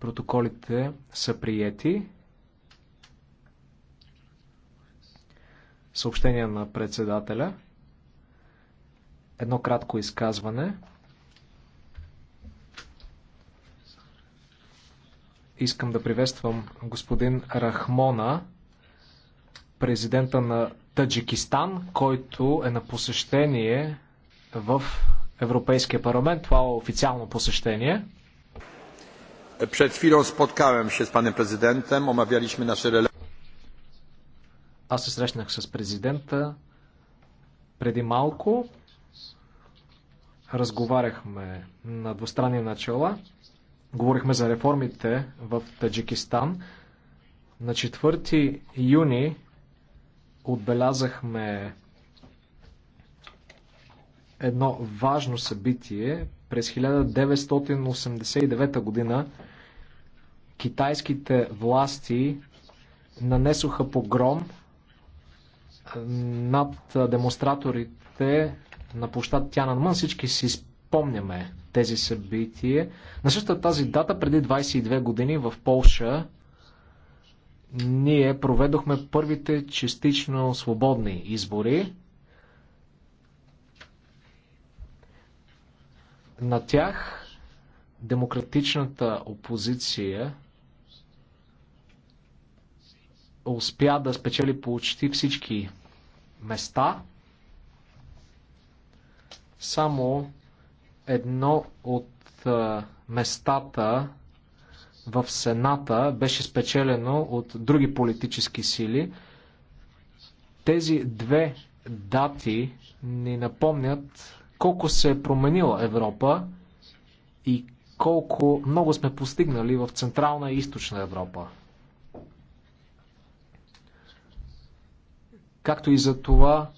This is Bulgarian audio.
Протоколите са приети. Съобщение на председателя. Едно кратко изказване. Искам да приветствам господин Рахмона, президента на Таджикистан, който е на посещение в Европейския парламент. Това е официално посещение. Przed chwilą spotkałem się z panem prezydentem, omawialiśmy nasze relacje. Аз се срещнах с президента преди малко. Разговаряхме на двустранни начала. Говорихме за реформите в Таджикистан. На 4 юни отбелязахме едно важно събитие. През 1989 година китайските власти нанесоха погром над демонстраторите на площад Тянанмън. Всички си спомняме тези събития. На същата тази дата, преди 22 години в Полша, ние проведохме първите частично свободни избори. На тях демократичната опозиция успя да спечели почти всички места. Само едно от местата в Сената беше спечелено от други политически сили. Тези две дати ни напомнят колко се е променила Европа и колко много сме постигнали в Централна и Източна Европа. Както и за това,